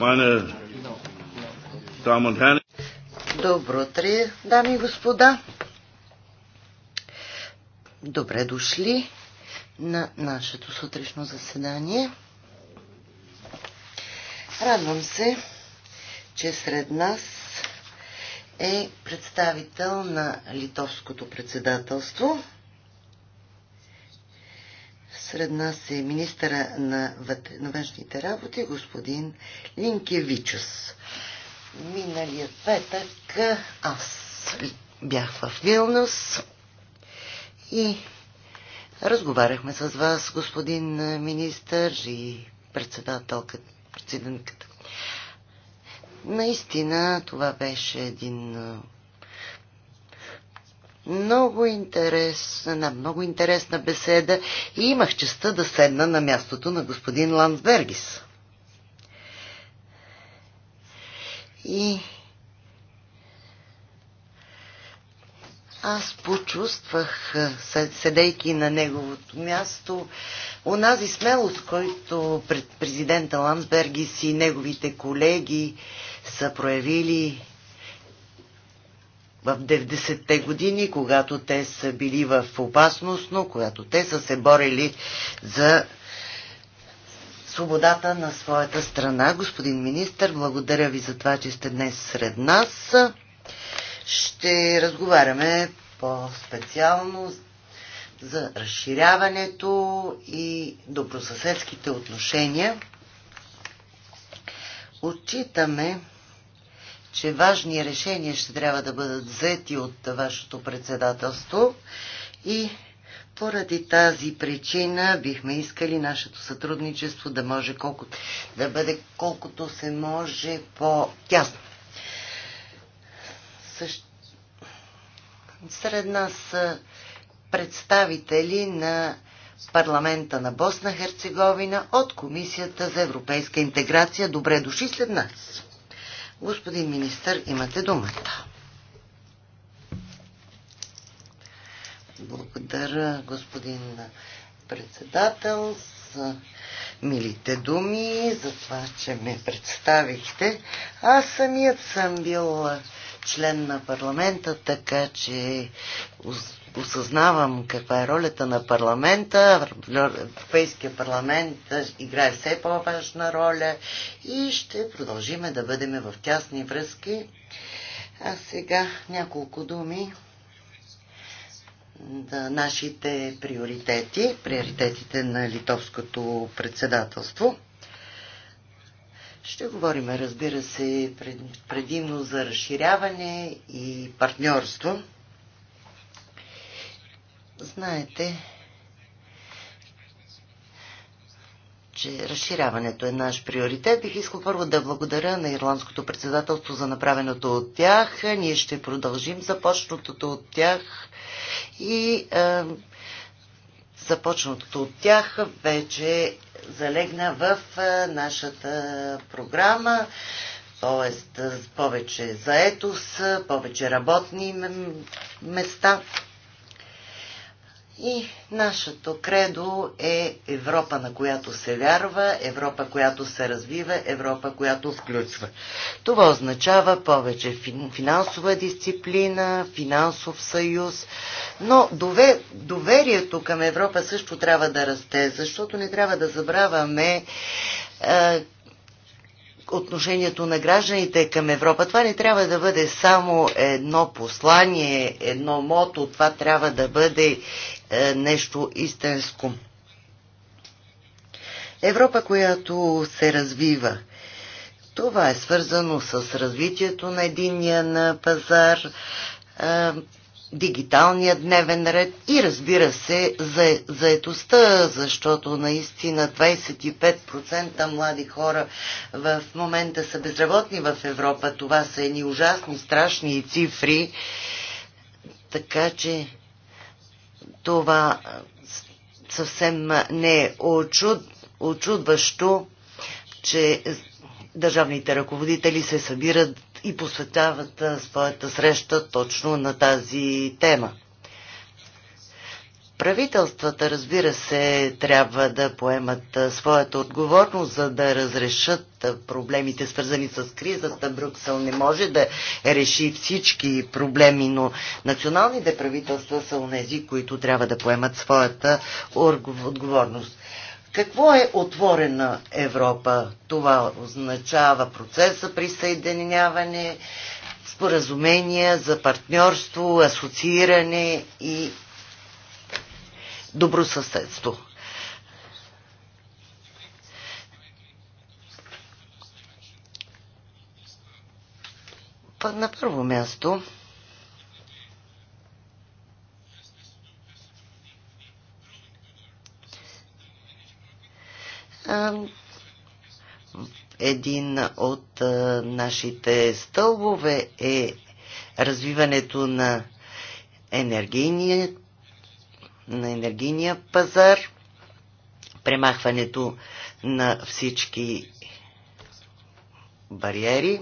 meine Damen und Herren. Добро утро, дами и господа. Добре дошли на нашето сутрешно заседание. Радвам се, че сред нас е представител на литовското председателство. Сред нас е министъра на, на външните работи, господин Линкевичус. Миналия петък аз бях в Вилнус и разговаряхме с вас, господин министър и председателката, председенката. Наистина това беше един много интересна, много интересна беседа и имах честа да седна на мястото на господин Ландбергис. И аз почувствах, седейки на неговото място, онази смелост, който пред президента Ландбергис и неговите колеги са проявили в 90-те години, когато те са били в опасност, но когато те са се борели за свободата на своята страна. Господин министр, благодаря ви за това, че сте днес сред нас. Ще разговаряме по-специално за разширяването и добросъседските отношения. Отчитаме че важни решения ще трябва да бъдат взети от вашето председателство и поради тази причина бихме искали нашето сътрудничество да може колкото, да бъде колкото се може по-тясно. Сред нас са представители на парламента на Босна Херцеговина от Комисията за европейска интеграция. Добре дошли след нас! Господин министър, имате думата. Благодаря, господин председател, за милите думи, за това, че ме представихте. Аз самият съм бил член на парламента, така че осъзнавам каква е ролята на парламента. Европейския парламент играе все по-важна роля и ще продължиме да бъдем в тясни връзки. А сега няколко думи да нашите приоритети, приоритетите на литовското председателство. Ще говорим, разбира се, предимно за разширяване и партньорство. Знаете, че разширяването е наш приоритет. Бих искал първо да благодаря на Ирландското председателство за направеното от тях. Ние ще продължим започнатото от тях и е, започнатото от тях вече залегна в е, нашата програма, т.е. повече заетост, повече работни места. И нашето кредо е Европа, на която се вярва, Европа, която се развива, Европа, която включва. Това означава повече финансова дисциплина, финансов съюз, но доверието към Европа също трябва да расте, защото не трябва да забравяме отношението на гражданите към Европа. Това не трябва да бъде само едно послание, едно мото, това трябва да бъде е, нещо истинско. Европа, която се развива. Това е свързано с развитието на единния на пазар, е, дигиталния дневен ред и разбира се за заетостта, защото наистина 25% млади хора в момента са безработни в Европа. Това са едни ужасни, страшни цифри. Така че това съвсем не е очуд, очудващо, че държавните ръководители се събират и посветяват своята среща точно на тази тема. Правителствата, разбира се, трябва да поемат своята отговорност, за да разрешат проблемите, свързани с кризата. Брюксел не може да реши всички проблеми, но националните правителства са унези, които трябва да поемат своята отговорност. Какво е отворена Европа? Това означава процес за присъединяване, споразумения за партньорство, асоцииране и добросъседство. На първо място Един от нашите стълбове е развиването на енергийния, на енергийния пазар, премахването на всички бариери.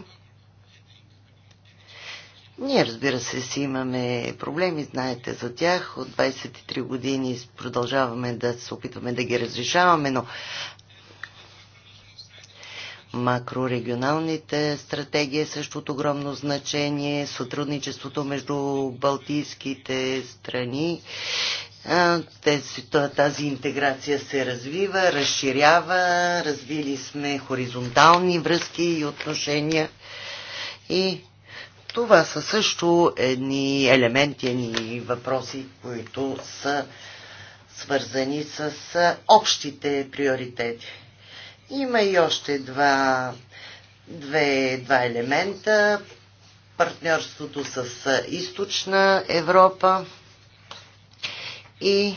Ние, разбира се, си имаме проблеми, знаете за тях. От 23 години продължаваме да се опитваме да ги разрешаваме, но Макрорегионалните стратегии е също от огромно значение, сътрудничеството между балтийските страни. тази интеграция се развива, разширява, развили сме хоризонтални връзки и отношения и това са също едни елементи, едни въпроси, които са свързани с общите приоритети. Има и още два, две, два елемента. Партньорството с източна Европа и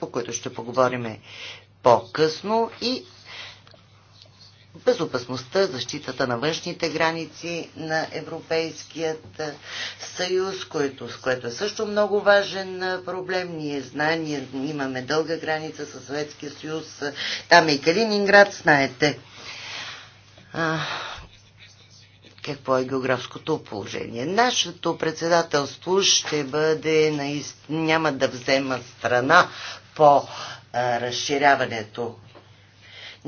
по които ще поговорим е по-късно и безопасността, защитата на външните граници на Европейският съюз, което, с което е също много важен проблем. Ние знаем, ние имаме дълга граница със Съветския съюз, там е и Калининград, знаете. А, какво е географското положение. Нашето председателство ще бъде, наист... няма да взема страна по разширяването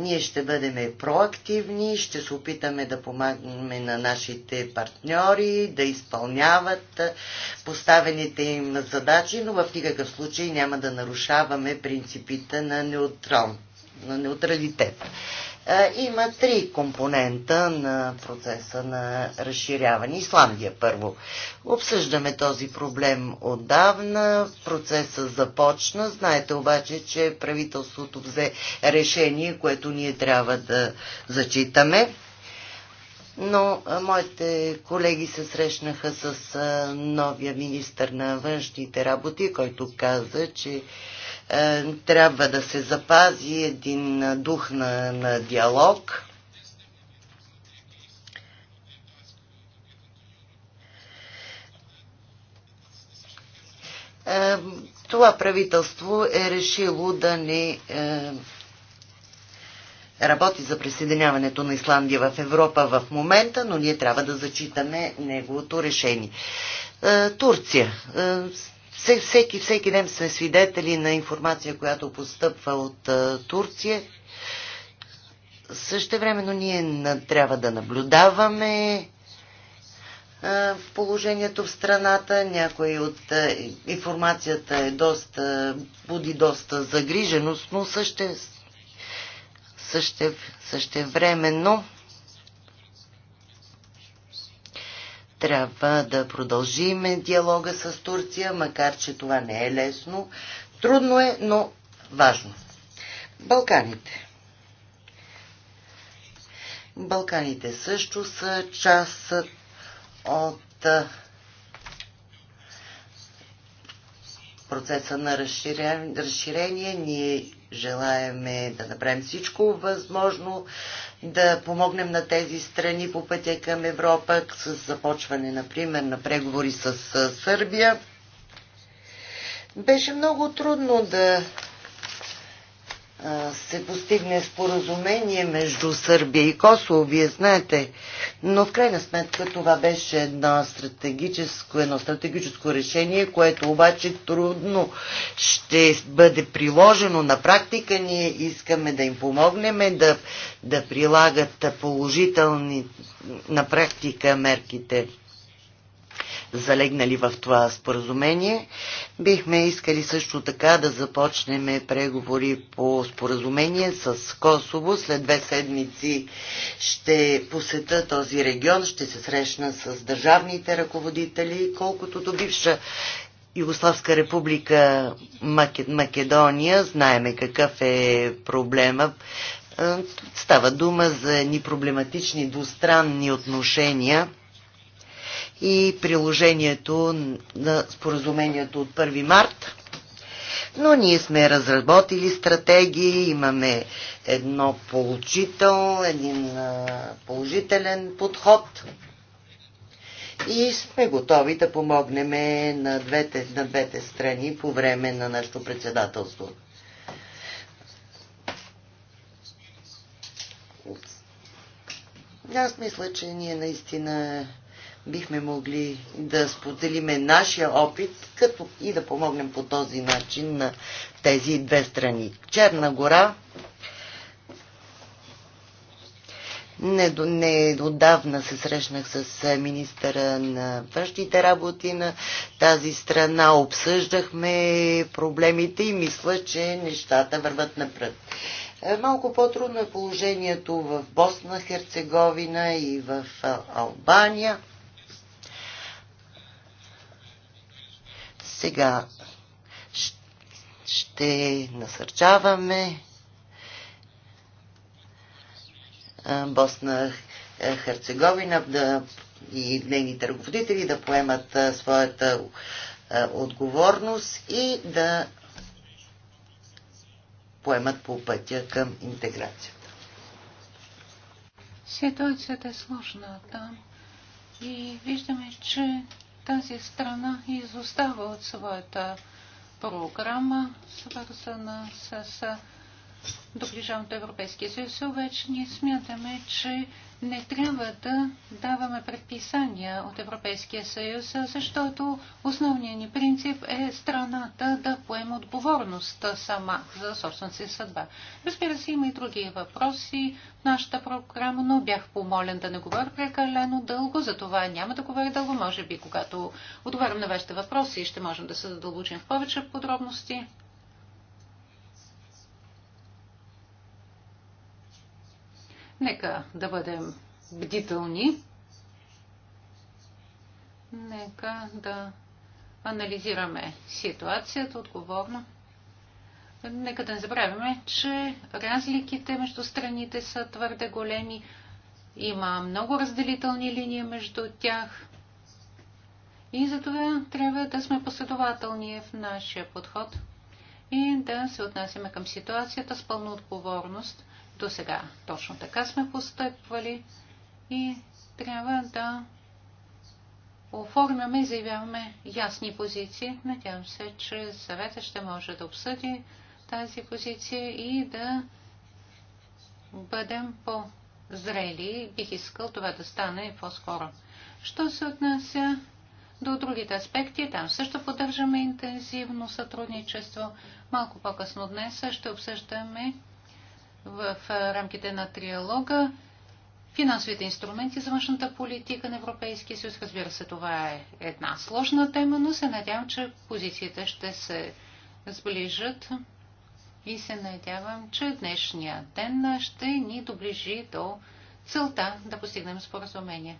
ние ще бъдем проактивни, ще се опитаме да помагаме на нашите партньори, да изпълняват поставените им задачи, но в никакъв случай няма да нарушаваме принципите на неутралност на неутралитет. Е, има три компонента на процеса на разширяване. Исландия първо. Обсъждаме този проблем отдавна. Процесът започна. Знаете обаче, че правителството взе решение, което ние трябва да зачитаме но е, моите колеги се срещнаха с е, новия министр на външните работи, който каза, че е, трябва да се запази един дух на, на диалог. Е, това правителство е решило да не е, работи за присъединяването на Исландия в Европа в момента, но ние трябва да зачитаме неговото решение. Турция всеки, всеки ден сме свидетели на информация, която постъпва от Турция. също времено ние трябва да наблюдаваме положението в страната. Някой от информацията е доста, буди доста загриженост, но също също времено. Трябва да продължим диалога с Турция, макар че това не е лесно. Трудно е, но важно. Балканите. Балканите също са част от процеса на разширение. Ние желаеме да направим всичко възможно, да помогнем на тези страни по пътя към Европа, с започване, например, на преговори с Сърбия. Беше много трудно да се постигне споразумение между Сърбия и Косово, вие знаете, но в крайна сметка това беше едно стратегическо, едно стратегическо решение, което обаче трудно ще бъде приложено на практика. Ние искаме да им помогнем да, да прилагат положителни на практика мерките залегнали в това споразумение. Бихме искали също така да започнем преговори по споразумение с Косово. След две седмици ще посета този регион, ще се срещна с държавните ръководители, колкото до бивша Югославска република Македония. Знаеме какъв е проблема. Е, става дума за ни проблематични двустранни отношения и приложението на споразумението от 1 март. Но ние сме разработили стратегии, имаме едно получител, един положителен подход и сме готови да помогнем на двете, на двете страни по време на нашето председателство. Аз мисля, че ние наистина бихме могли да споделиме нашия опит като и да помогнем по този начин на тези две страни. Черна гора отдавна се срещнах с е, министъра на външните работи на тази страна. Обсъждахме проблемите и мисля, че нещата върват напред. Е, малко по-трудно е положението в Босна, Херцеговина и в е, Албания – Сега ще насърчаваме Босна Херцеговина да, и нейните ръководители да поемат своята отговорност и да поемат по пътя към интеграцията. Ситуацията е сложна там и виждаме, че тази страна изостава от своята програма, свързана с доближаването Европейския съюз. Вече ние смятаме, че не трябва да даваме предписания от Европейския съюз, защото основният ни принцип е страната да поема отговорност сама за собствената си съдба. Разбира се, има и други въпроси в нашата програма, но бях помолен да не говоря прекалено дълго, затова няма да говоря дълго. Може би, когато отговарям на вашите въпроси, ще можем да се задълбочим в повече подробности. Нека да бъдем бдителни. Нека да анализираме ситуацията отговорно. Нека да не забравяме, че разликите между страните са твърде големи. Има много разделителни линии между тях. И затова трябва да сме последователни в нашия подход и да се отнасяме към ситуацията с пълна отговорност. До сега точно така сме постъпвали и трябва да оформяме и заявяваме ясни позиции. Надявам се, че съвета ще може да обсъди тази позиция и да бъдем по-зрели. Бих искал това да стане по-скоро. Що се отнася до другите аспекти, там също поддържаме интензивно сътрудничество. Малко по-късно днес ще обсъждаме в рамките на триалога финансовите инструменти за външната политика на Европейския съюз. Разбира се, това е една сложна тема, но се надявам, че позициите ще се сближат и се надявам, че днешния ден ще ни доближи до целта да постигнем споразумение.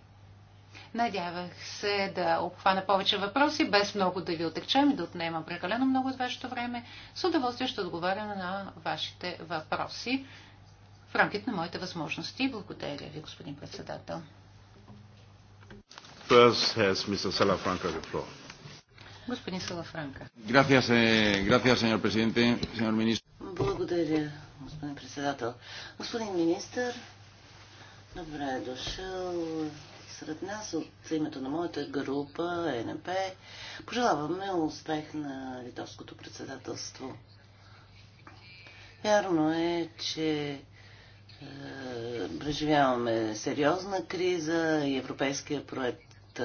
Надявах се да обхвана повече въпроси, без много да ви отекчам и да отнемам прекалено много от вашето време. С удоволствие ще отговарям на вашите въпроси в рамките на моите възможности. Благодаря ви, господин председател. Господин Салафранка. Eh, Благодаря, господин председател. Господин министр, добре е дошъл сред нас от името на моята група ЕНП. Пожелаваме успех на литовското председателство. Вярно е, че е, преживяваме сериозна криза и европейския проект е,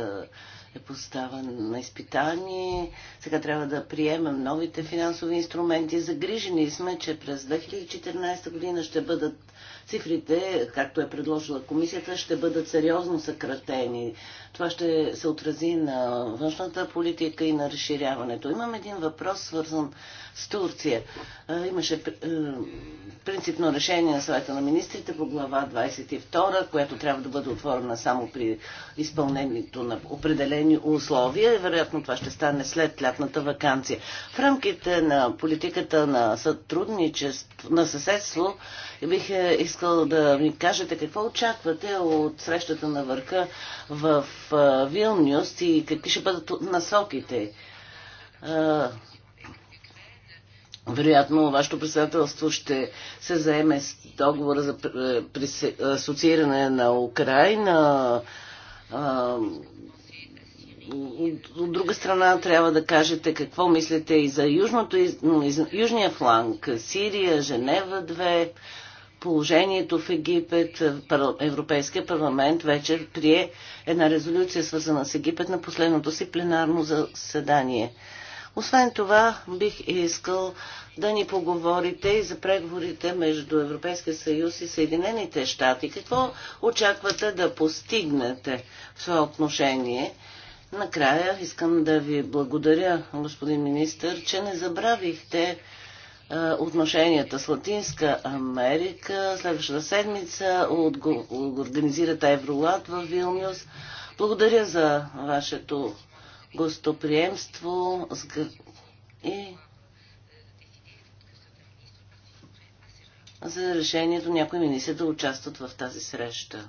е поставен на изпитание. Сега трябва да приемем новите финансови инструменти. Загрижени сме, че през 2014 година ще бъдат цифрите, както е предложила комисията, ще бъдат сериозно съкратени. Това ще се отрази на външната политика и на разширяването. Имам един въпрос, свързан с Турция. Имаше е, принципно решение на съвета на министрите по глава 22, която трябва да бъде отворена само при изпълнението на определени условия и вероятно това ще стане след лятната вакансия. В рамките на политиката на сътрудничество, на съседство, бих е искал да ми кажете какво очаквате от срещата на върха в Вилнюс и какви ще бъдат насоките. Вероятно, вашето председателство ще се заеме с договора за асоцииране на Украина. От друга страна, трябва да кажете какво мислите и за южното, южния фланг. Сирия, Женева 2 положението в Египет. Европейския парламент вече прие една резолюция, свързана с Египет, на последното си пленарно заседание. Освен това, бих искал да ни поговорите и за преговорите между Европейския съюз и Съединените щати. Какво очаквате да постигнете в това отношение? Накрая искам да ви благодаря, господин министр, че не забравихте е, отношенията с Латинска Америка. Следващата седмица организирате Евролад в Вилнюс. Благодаря за вашето гостоприемство и за решението някои министри да участват в тази среща.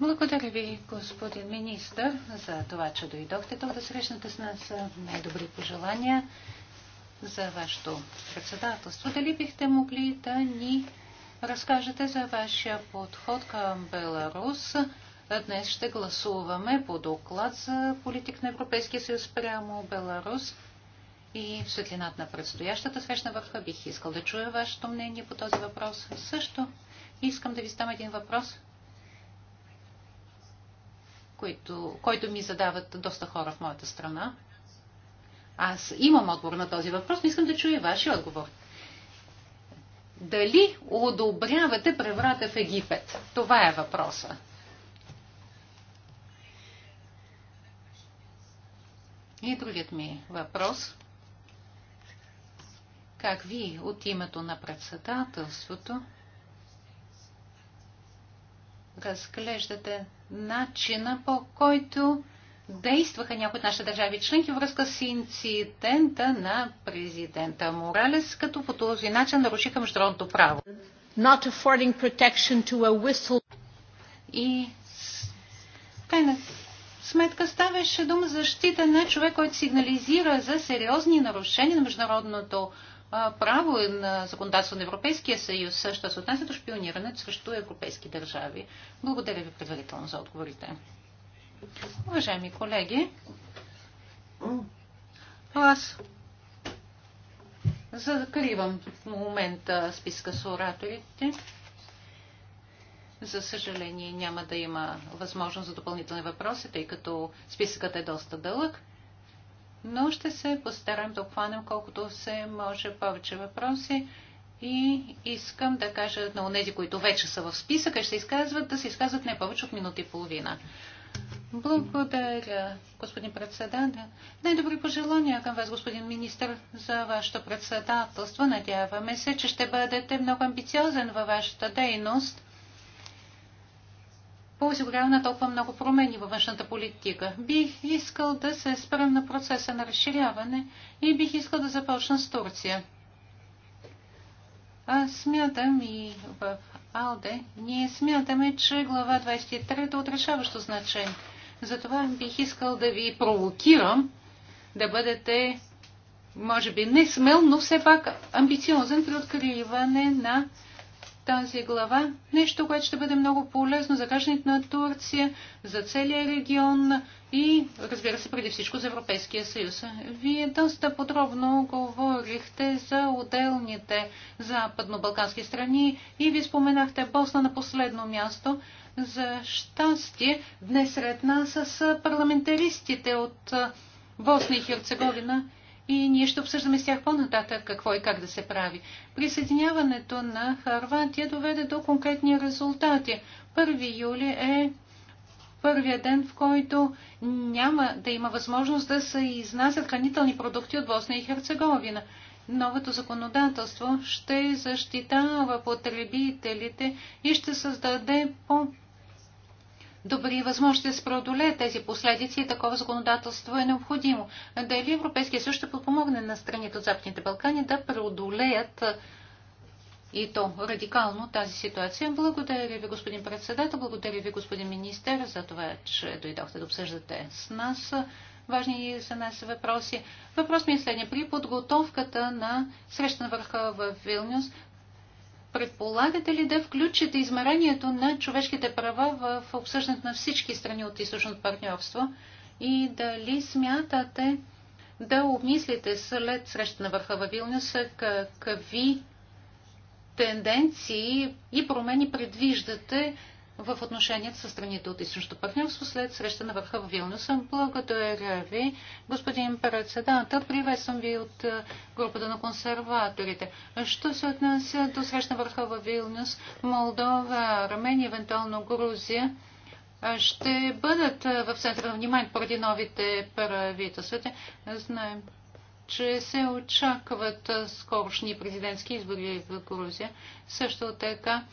Благодаря ви, господин министр, за това, че дойдохте тук да срещнете с нас. Най-добри пожелания за вашето председателство. Дали бихте могли да ни разкажете за вашия подход към Беларус? Днес ще гласуваме по доклад за политик на Европейския съюз прямо Беларус. И в светлината на предстоящата срещна върха бих искал да чуя вашето мнение по този въпрос. Също искам да ви задам един въпрос които, който ми задават доста хора в моята страна. Аз имам отговор на този въпрос, но искам да чуя вашия отговор. Дали одобрявате преврата в Египет? Това е въпроса. И другият ми въпрос. Как ви от името на председателството разглеждате начина по който действаха някои от нашите държави членки връзка с инцидента на президента Моралес, като по този начин нарушиха международното право. Not affording protection to a whistle. И крайна сметка ставаше дума защита на човек, който сигнализира за сериозни нарушения на международното право право на законодателство на Европейския съюз, що се отнася до шпионирането срещу европейски държави. Благодаря ви предварително за отговорите. Уважаеми колеги, аз закривам в момента списка с ораторите. За съжаление няма да има възможност за допълнителни въпроси, тъй като списъкът е доста дълъг но ще се постарам да обхванем колкото се може повече въпроси. И искам да кажа на тези, които вече са в списъка, ще изказват, да се изказват не повече от минута и половина. Благодаря, господин председател. Най-добри пожелания към вас, господин министр, за вашето председателство. Надяваме се, че ще бъдете много амбициозен във вашата дейност по на толкова много промени във външната политика. Бих искал да се спрем на процеса на разширяване и бих искал да започна с Турция. Аз смятам и в АЛДЕ, ние смятаме, че глава 23 е от решаващо значение. Затова бих искал да ви провокирам да бъдете, може би не смел, но все пак амбициозен при откриване на тази глава. Нещо, което ще бъде много полезно за гражданите на Турция, за целия регион и, разбира се, преди всичко за Европейския съюз. Вие доста подробно говорихте за отделните западно-балкански страни и ви споменахте Босна на последно място. За щастие, днес сред нас с парламентаристите от Босна и Херцеговина и ние ще обсъждаме с тях по-нататък какво и как да се прави. Присъединяването на Харватия доведе до конкретни резултати. 1 юли е първия ден, в който няма да има възможност да се изнасят хранителни продукти от Босна и Херцеговина. Новото законодателство ще защитава потребителите и ще създаде по добри възможности да се преодолеят тези последици и такова законодателство е необходимо. Дали Европейския съюз ще подпомогне на страните от Западните Балкани да преодолеят и то радикално тази ситуация. Благодаря ви, господин председател, благодаря ви, господин министър, за това, че дойдохте да обсъждате с нас важни за нас въпроси. Въпрос ми е следния. При подготовката на среща на върха в Вилнюс, предполагате ли да включите измерението на човешките права в обсъждането на всички страни от източното партньорство? И дали смятате да обмислите след среща на върха във Вилнюса какви тенденции и промени предвиждате в отношенията с страните от източното партньорство след среща на върха в Вилнюс. Благодаря ви, господин председател. Приветствам ви от е, групата на консерваторите. Що се отнася до среща на върха в Вилнюс, Молдова, Армения, евентуално Грузия, е, ще бъдат е, в центъра на внимание поради новите правителствата. Знаем, че се очакват скорошни президентски избори в Грузия. Също така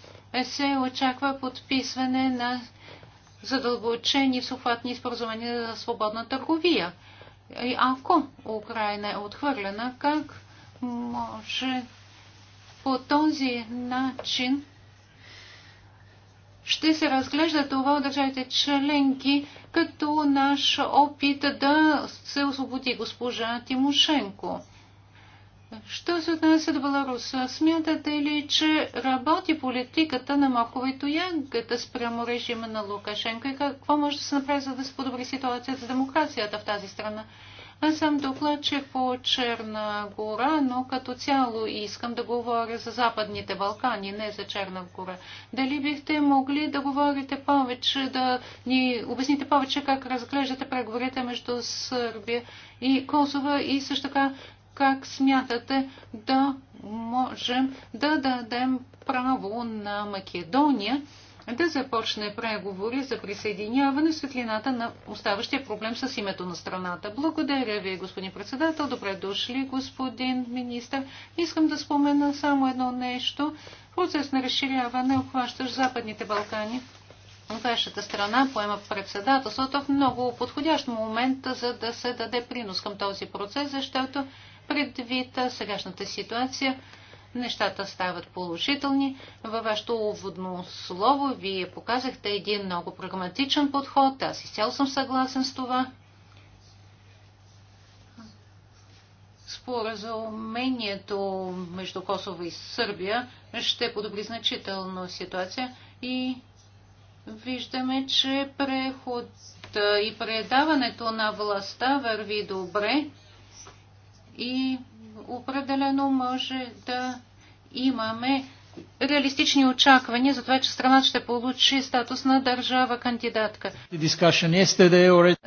се очаква подписване на задълбочени всеобхватни споразумения за свободна търговия. И ако Украина е отхвърлена, как може по този начин ще се разглежда това от държавите членки като наш опит да се освободи госпожа Тимошенко. Що се отнася до Беларус? Смятате ли, че работи политиката на и ягата спрямо режима на Лукашенко и какво може да се направи, за да се подобри ситуацията за демокрацията в тази страна? Аз съм докладчик по Черна гора, но като цяло искам да говоря за Западните Балкани, не за Черна гора. Дали бихте могли да говорите повече, да ни обясните повече как разглеждате преговорите между Сърбия и Косова и също така как смятате да можем да дадем право на Македония да започне преговори за присъединяване светлината на оставащия проблем с името на страната. Благодаря ви, господин председател. Добре дошли, господин министр. Искам да спомена само едно нещо. Процес на разширяване обхващащ Западните Балкани. Вашата страна поема председателството в много подходящ момент, за да се даде принос към този процес, защото предвид сегашната ситуация, нещата стават положителни. Във вашето уводно слово вие показахте един много прагматичен подход. Аз изцяло съм съгласен с това. Споразумението между Косово и Сърбия ще подобри значително ситуация и виждаме, че преход и предаването на властта върви добре и определено може да имаме реалистични очаквания за това, че страната ще получи статус на държава кандидатка.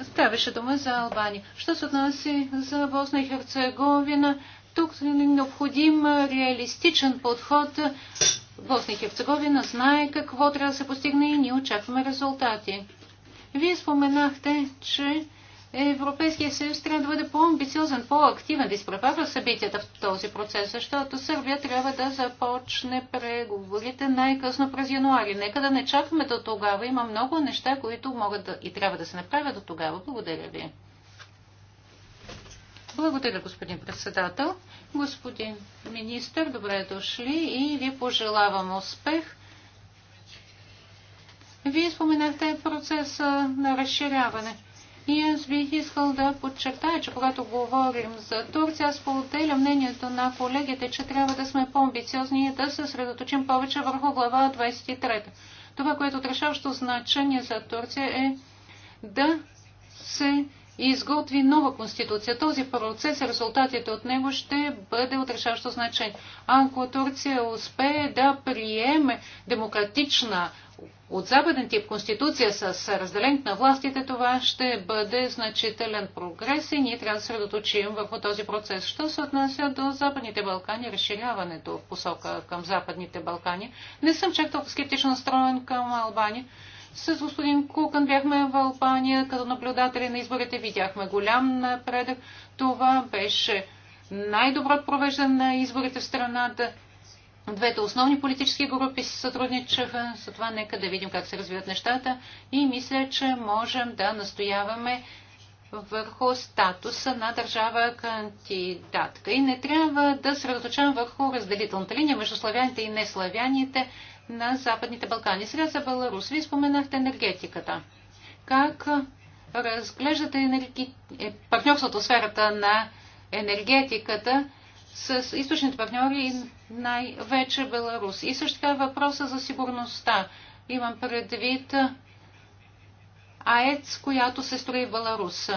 Ставаше дума за Албания. Що се отнася за Босна и Херцеговина, тук е необходим реалистичен подход. Босна и Херцеговина знае какво трябва да се постигне и ние очакваме резултати. Вие споменахте, че Европейския съюз трябва да бъде по-амбициозен, по-активен, да изправява събитията в този процес, защото Сърбия трябва да започне преговорите най-късно през януари. Нека да не чакаме до тогава. Има много неща, които могат да и трябва да се направят до тогава. Благодаря ви. Благодаря, господин председател. Господин министр, добре дошли и ви пожелавам успех. Вие споменахте процеса на разширяване. И аз бих искал да подчертая, че когато говорим за Турция, аз поделя мнението на колегите, че трябва да сме по-амбициозни и да се средоточим повече върху глава 23. Това, което е отрешаващо значение за Турция е да се изготви нова конституция. Този процес и резултатите от него ще бъде отрешаващо значение. Ако Турция успее да приеме демократична от западен тип конституция с разделението на властите, това ще бъде значителен прогрес и ние трябва да средоточим върху този процес. Що се отнася до Западните Балкани, разширяването в посока към Западните Балкани, не съм чак толкова скептично настроен към Албания. С господин Кукън бяхме в Албания, като наблюдатели на изборите видяхме голям напредък. Това беше най-доброто провеждане на изборите в страната. Двете основни политически групи се сътрудничаха, за това нека да видим как се развиват нещата и мисля, че можем да настояваме върху статуса на държава кандидатка. И не трябва да се разлучавам върху разделителната линия между славяните и неславяните на Западните Балкани. Сега за Беларус. Вие споменахте енергетиката. Как разглеждате енерги... Е, партньорството в сферата на енергетиката с източните партньори и най-вече Беларус. И също така въпроса за сигурността. Имам предвид АЕЦ, която се строи в Беларус.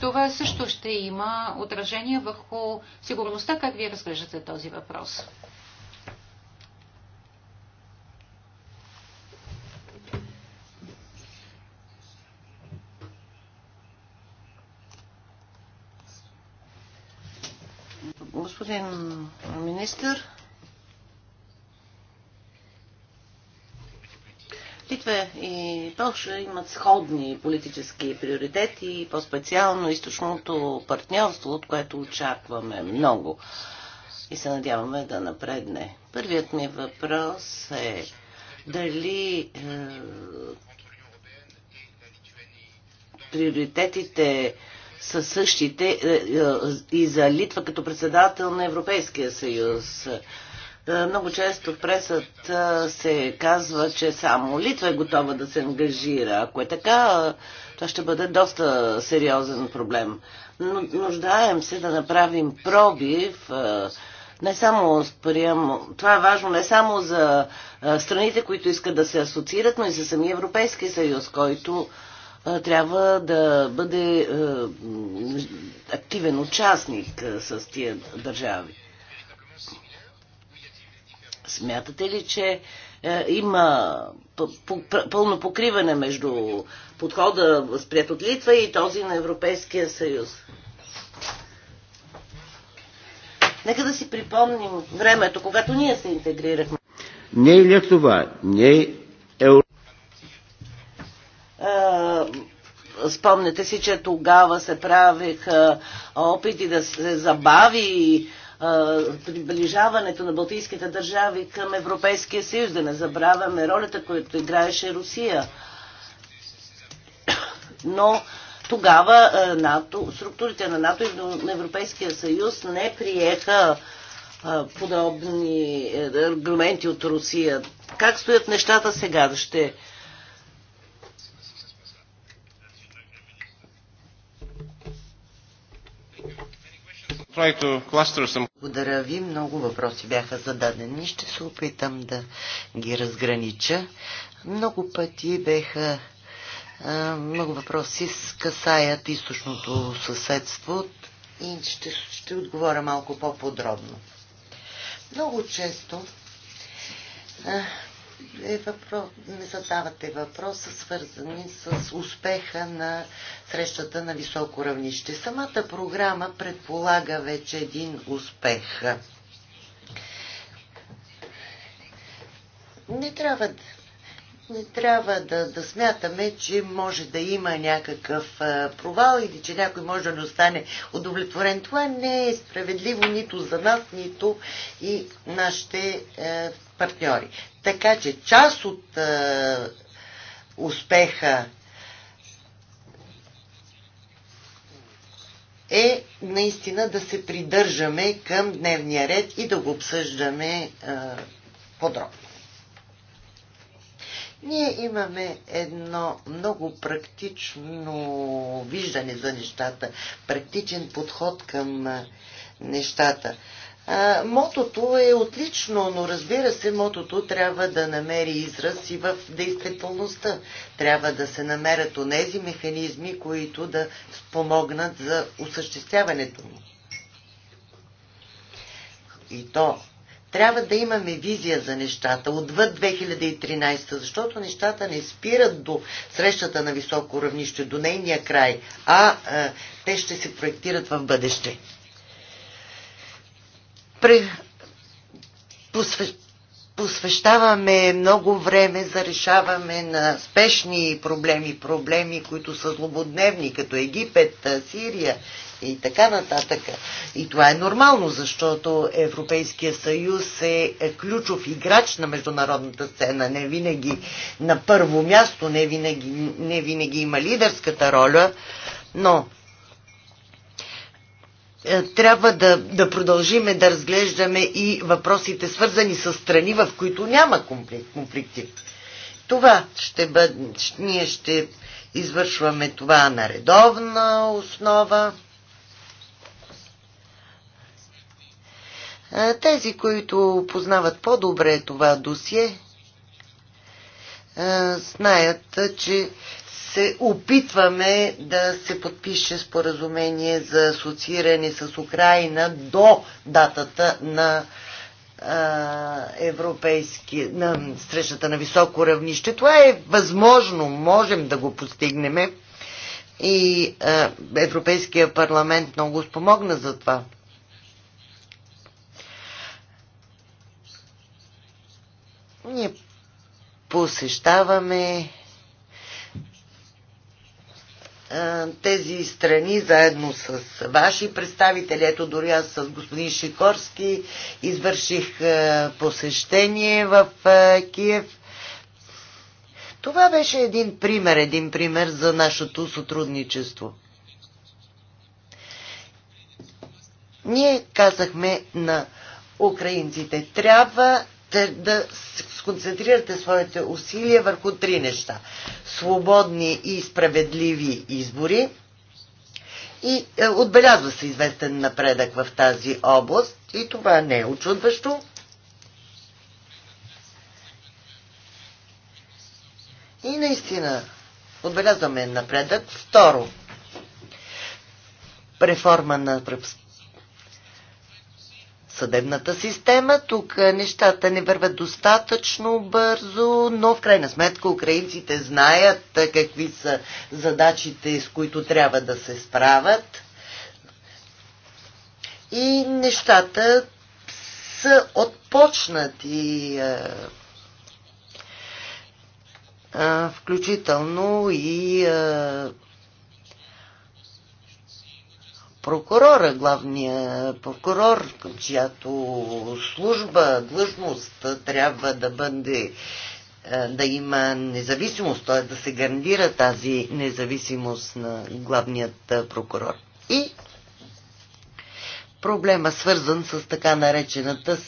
Това също ще има отражение върху сигурността. Как вие разглеждате този въпрос? Господин министр, Литва и Польша имат сходни политически приоритети, по-специално източното партньорство, от което очакваме много и се надяваме да напредне. Първият ми въпрос е дали е, приоритетите са същите е, е, и за Литва като председател на Европейския съюз. Е, много често в пресата се казва, че само Литва е готова да се ангажира. Ако е така, това ще бъде доста сериозен проблем. Но нуждаем се да направим пробив не само спрямо... Това е важно не само за страните, които искат да се асоциират, но и за самия Европейски съюз, който трябва да бъде активен участник с тия държави. Смятате ли, че има пълно покриване между подхода възприят от Литва и този на Европейския съюз? Нека да си припомним времето, когато ние се интегрирахме. Не е ли това? Не е Спомнете си, че тогава се правиха опити да се забави приближаването на балтийските държави към Европейския съюз. Да не забравяме ролята, която играеше Русия. Но тогава НАТО, структурите на НАТО и на Европейския съюз не приеха подобни е, аргументи от Русия. Как стоят нещата сега? Ще Благодаря ви. Много въпроси бяха зададени. Ще се опитам да ги разгранича. Много пъти беха много въпроси касаят източното съседство и ще, ще отговоря малко по-подробно. Много често е въпрос, ми задавате въпроса, свързани с успеха на срещата на високо равнище. Самата програма предполага вече един успех. Не трябва да не трябва да, да смятаме, че може да има някакъв а, провал или че някой може да не остане удовлетворен. Това не е справедливо нито за нас, нито и нашите а, е, партньори. Така че част от а, е, успеха е наистина да се придържаме към дневния ред и да го обсъждаме а, е, подробно. Ние имаме едно много практично виждане за нещата, практичен подход към нещата. А, мотото е отлично, но разбира се, мотото трябва да намери израз и в действителността. Трябва да се намерят онези механизми, които да спомогнат за осъществяването му. И то трябва да имаме визия за нещата отвъд 2013, защото нещата не спират до срещата на високо равнище, до нейния край, а е, те ще се проектират в бъдеще. Посвещ посвещаваме много време за решаване на спешни проблеми, проблеми, които са злободневни, като Египет, Сирия и така нататък. И това е нормално, защото Европейския съюз е ключов играч на международната сцена. Не винаги на първо място, не винаги, не винаги има лидерската роля, но е, трябва да, да продължиме да разглеждаме и въпросите свързани с страни, в които няма конфликти. Това ще бъде, ние ще извършваме това на редовна основа. Е, тези, които познават по-добре това досие, е, знаят, че се опитваме да се подпише споразумение за асоцииране с Украина до датата на европейски, на срещата на високо равнище. Това е възможно, можем да го постигнем и а, Европейския парламент много спомогна за това. Ние посещаваме тези страни, заедно с ваши представители, ето дори аз с господин Шикорски извърших посещение в Киев. Това беше един пример, един пример за нашето сътрудничество. Ние казахме на украинците, трябва да сконцентрирате своите усилия върху три неща. Свободни и справедливи избори. И е, отбелязва се известен напредък в тази област и това не е очудващо. И наистина отбелязваме напредък. Второ, реформа на съдебната система. Тук нещата не върват достатъчно бързо, но в крайна сметка украинците знаят какви са задачите, с които трябва да се справят. И нещата са отпочнати включително и прокурора, главния прокурор, чиято служба, длъжност трябва да бъде е, да има независимост, т.е. да се гарантира тази независимост на главният е, прокурор. И проблема свързан с така, наречената,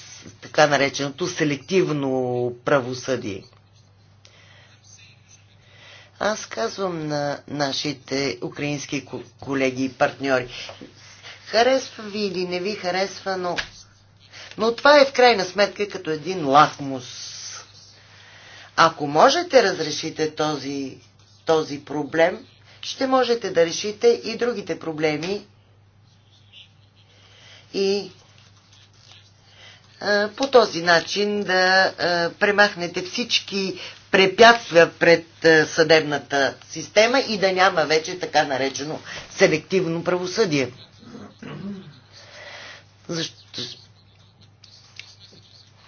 така нареченото селективно правосъдие. Аз казвам на нашите украински колеги и партньори, харесва ви или не ви харесва, но, но това е в крайна сметка като един лахмус. Ако можете разрешите този, този проблем, ще можете да решите и другите проблеми и по този начин да премахнете всички препятства пред е, съдебната система и да няма вече така наречено селективно правосъдие. Защо?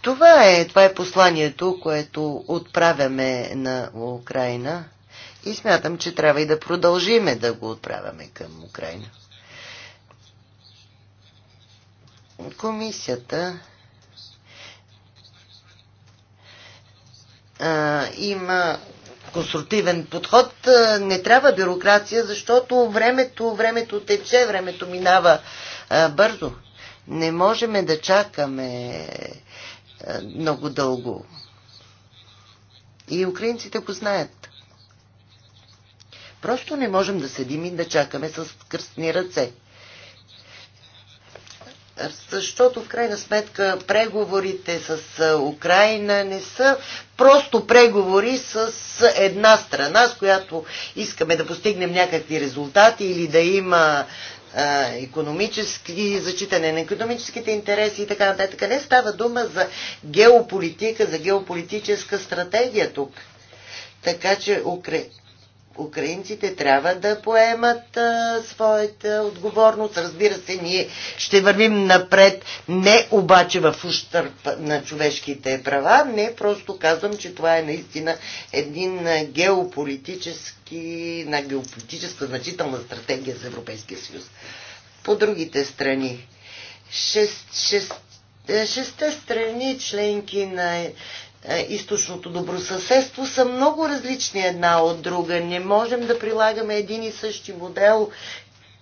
Това е, това е посланието, което отправяме на Украина и смятам, че трябва и да продължиме да го отправяме към Украина. Комисията а, има конструктивен подход. Не трябва бюрокрация, защото времето, времето тече, времето минава а, бързо. Не можем да чакаме а, много дълго. И украинците го знаят. Просто не можем да седим и да чакаме с кръстни ръце защото в крайна сметка преговорите с Украина не са просто преговори с една страна, с която искаме да постигнем някакви резултати или да има економически, зачитане на економическите интереси и така нататък. Не става дума за геополитика, за геополитическа стратегия тук. Така че украинците трябва да поемат а, своята отговорност. Разбира се, ние ще вървим напред, не обаче в ущърп на човешките права, не просто казвам, че това е наистина един геополитически, на геополитическа значителна стратегия за Европейския съюз. По другите страни, шест, шест, шесте страни членки на е, източното добросъседство са много различни една от друга. Не можем да прилагаме един и същи модел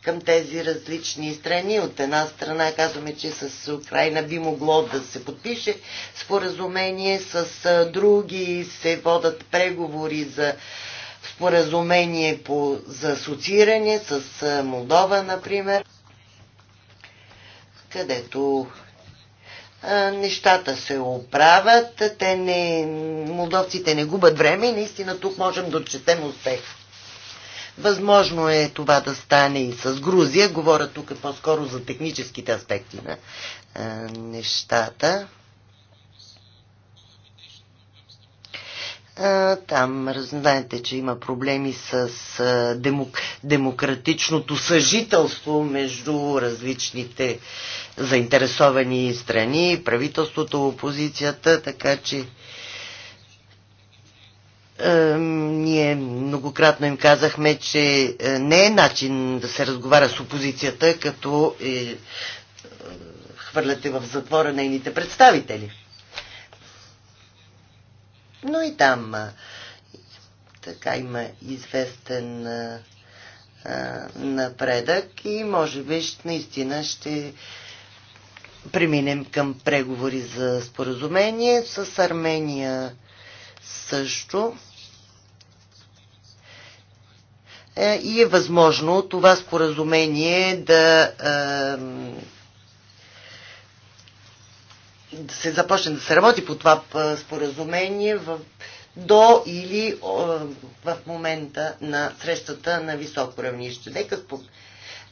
към тези различни страни. От една страна казваме, че с Украина би могло да се подпише споразумение, с е, други се водат преговори за споразумение по, за асоцииране с е, Молдова, например, където нещата се оправят, те не, молдовците не губят време и наистина тук можем да отчетем успех. Възможно е това да стане и с Грузия. Говоря тук по-скоро за техническите аспекти на а, нещата. Там знаете, че има проблеми с демок, демократичното съжителство между различните заинтересовани страни, правителството, опозицията, така че е, ние многократно им казахме, че не е начин да се разговаря с опозицията, като е, е, хвърляте в затвора нейните представители но и там така има известен а, напредък и може би наистина ще преминем към преговори за споразумение с Армения също. Е, и е възможно това споразумение да да се започне да се работи по това споразумение в, до или в момента на срещата на високо равнище. Нека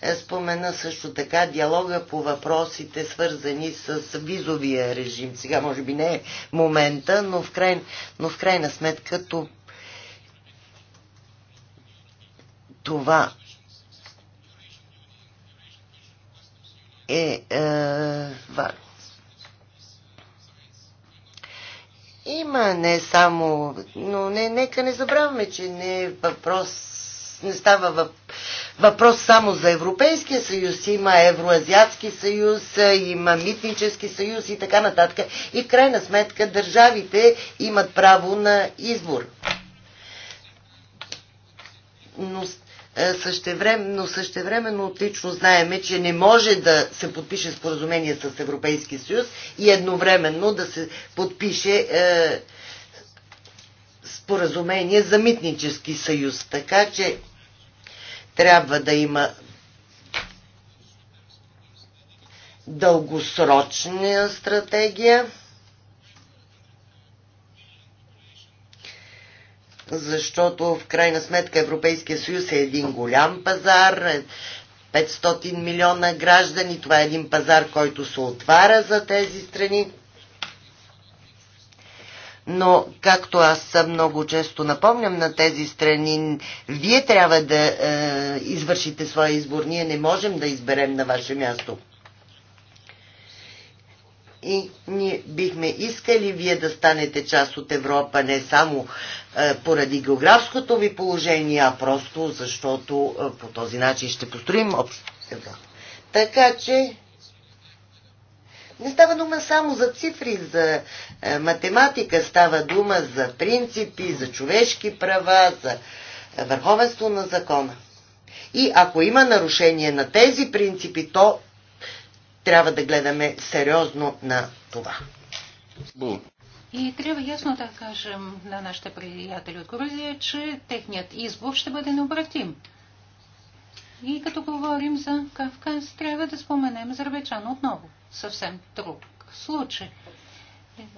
е, спомена също така диалога по въпросите, свързани с визовия режим. Сега може би не е момента, но в, край, но в крайна сметка като това е, е важно. има не само... Но не, нека не забравяме, че не е въпрос не става въпрос само за Европейския съюз, има Евроазиатски съюз, има Митнически съюз и така нататък. И в крайна сметка държавите имат право на избор. Но е, същевременно, същевременно отлично знаеме, че не може да се подпише споразумение с Европейския съюз и едновременно да се подпише е, споразумение за митнически съюз. Така че трябва да има дългосрочна стратегия защото в крайна сметка Европейския съюз е един голям пазар, 500 е милиона граждани, това е един пазар, който се отваря за тези страни. Но, както аз много често напомням на тези страни, вие трябва да е, извършите своя избор. Ние не можем да изберем на ваше място и ние бихме искали вие да станете част от Европа не само е, поради географското ви положение, а просто защото е, по този начин ще построим общата Европа. Така че не става дума само за цифри, за е, математика, става дума за принципи, за човешки права, за върховенство на закона. И ако има нарушение на тези принципи, то трябва да гледаме сериозно на това. Бу. И трябва ясно да кажем на нашите приятели от Грузия, че техният избор ще бъде необратим. И като говорим за Кавказ, трябва да споменем Азербайджан отново. Съвсем друг случай.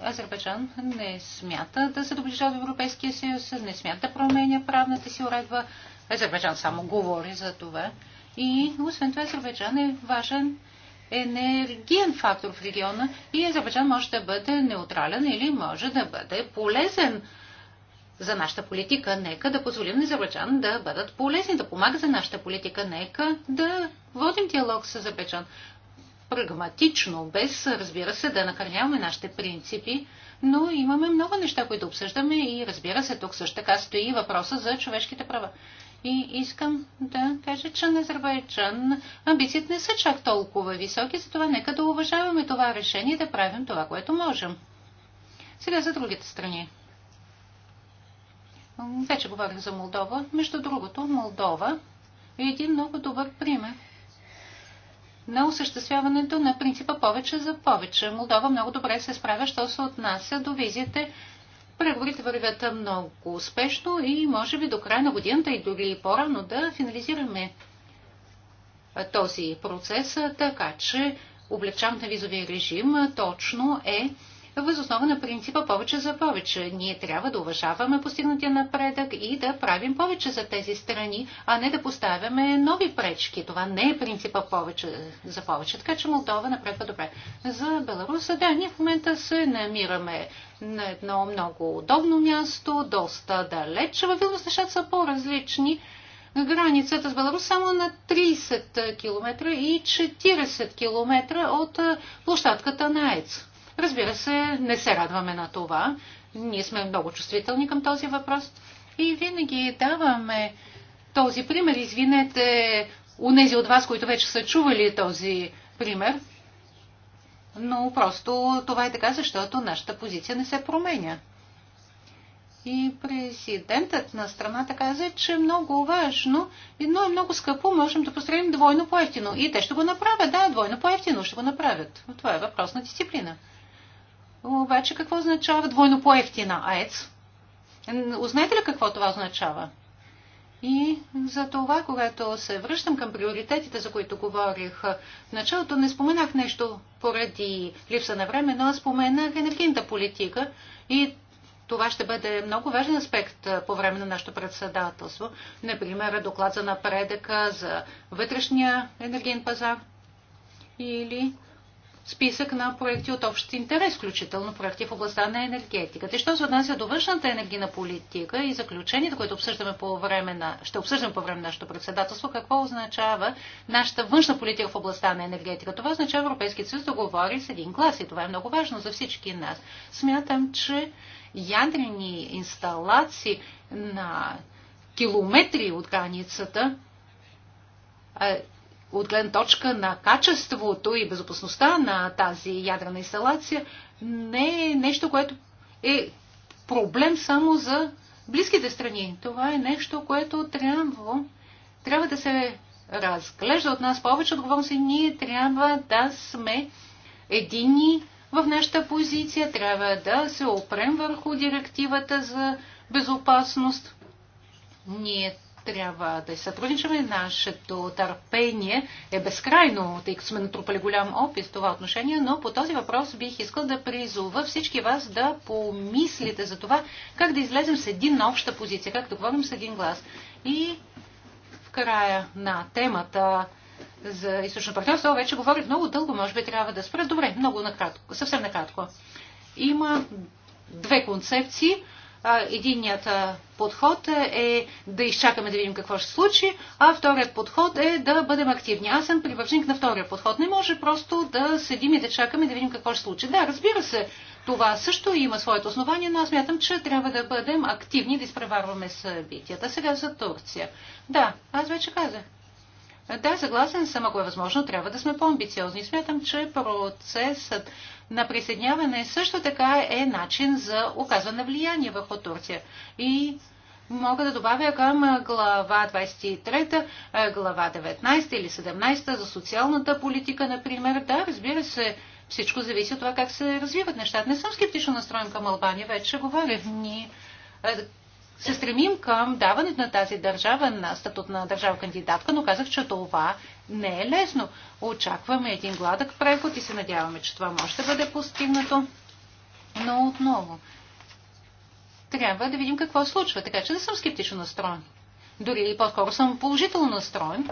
Азербайджан не смята да се доближава до Европейския съюз, не смята да променя правната си уредба. Азербайджан само говори за това. И освен това Азербайджан е важен енергиен фактор в региона и Азербайджан може да бъде неутрален или може да бъде полезен за нашата политика. Нека да позволим на Азербайджан да бъдат полезни, да помага за нашата политика. Нека да водим диалог с Азербайджан прагматично, без, разбира се, да накърняваме нашите принципи, но имаме много неща, които обсъждаме и, разбира се, тук също така стои въпроса за човешките права. И искам да кажа, че на Азербайджан амбициите не са чак толкова високи, затова нека да уважаваме това решение и да правим това, което можем. Сега за другите страни. Вече говорих за Молдова. Между другото, Молдова е един много добър пример на осъществяването на принципа повече за повече. Молдова много добре се справя, що се отнася до визите Преговорите вървят много успешно и може би до края на годината и дори по-рано да финализираме този процес, така че облегчаването на визовия режим точно е възоснова на принципа повече за повече. Ние трябва да уважаваме постигнатия напредък и да правим повече за тези страни, а не да поставяме нови пречки. Това не е принципа повече за повече. Така че Молдова напредва добре. За Беларуса, да, ние в момента се намираме на едно много удобно място, доста далеч. Във Вилнюс нещата са по-различни границата с Беларус само на 30 км и 40 км от площадката на ЕЦ. Разбира се, не се радваме на това. Ние сме много чувствителни към този въпрос и винаги даваме този пример. Извинете, унези от вас, които вече са чували този пример, но просто това е така, защото нашата позиция не се променя. И президентът на страната каза, че е много важно, но е много скъпо, можем да построим двойно по-ефтино. И те ще го направят, да, двойно по-ефтино ще го направят. Това е въпрос на дисциплина. Обаче какво означава двойно по-ефтина АЕЦ? Узнаете ли какво това означава? И за това, когато се връщам към приоритетите, за които говорих в началото, не споменах нещо поради липса на време, но аз споменах енергийната политика и това ще бъде много важен аспект по време на нашето председателство. Например, доклад за напредъка, за вътрешния енергиен пазар или списък на проекти от общ интерес, включително проекти в областта на енергетиката. И що се отнася до външната енергийна политика и заключението, което обсъждаме по време на, ще обсъждаме по време на нашето председателство, какво означава нашата външна политика в областта на енергетика? Това означава Европейският съюз да говори с един глас и това е много важно за всички нас. Смятам, че ядрени инсталации на километри от границата от гледна точка на качеството и безопасността на тази ядрена инсталация не е нещо, което е проблем само за близките страни. Това е нещо, което трябва, трябва да се разглежда от нас повече отговорност и ние трябва да сме едини в нашата позиция, трябва да се опрем върху директивата за безопасност. Ние трябва да сътрудничаме. Нашето търпение е безкрайно, тъй като сме натрупали голям опит в това отношение, но по този въпрос бих искал да призова всички вас да помислите за това как да излезем с един обща позиция, как да говорим с един глас. И в края на темата за източно партньорство вече говорих много дълго, може би трябва да спра. Добре, много накратко, съвсем накратко. Има две концепции – единият подход е, е да изчакаме да видим какво ще случи, а вторият подход е да бъдем активни. Аз съм привърженик на втория подход. Не може просто да седим и да чакаме да видим какво ще случи. Да, разбира се, това също има своето основание, но аз мятам, че трябва да бъдем активни да изпреварваме събитията. Сега за Турция. Да, аз вече казах. Да, съгласен съм, ако е възможно, трябва да сме по-амбициозни. Смятам, че процесът на присъединяване също така е начин за оказване влияние върху Турция. И мога да добавя към глава 23, глава 19 или 17 за социалната политика, например. Да, разбира се, всичко зависи от това как се развиват нещата. Не съм скептично настроен към Албания, вече говорих. Ние се стремим към даването на тази държава на статут на държава кандидатка, но казах, че това не е лесно. Очакваме един гладък преход и се надяваме, че това може да бъде постигнато. Но отново, трябва да видим какво случва, така че да съм скептично настроен. Дори и по-скоро съм положително настроен,